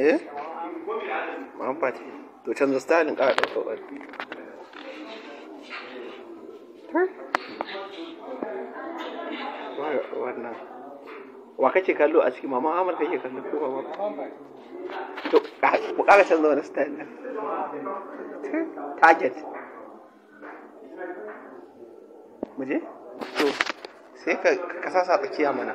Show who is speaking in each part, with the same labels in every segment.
Speaker 1: eh Muhammad Fati to canza stalin ƙara ɗauka ƙwari wannan wa kake kallo a ciki mama amur kake kallo ko mama to ku ƙara canza wani style ɗin target
Speaker 2: mu je to sai ka kasa sa tsakiya mana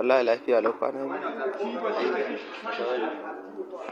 Speaker 2: الله لا فيها لو كان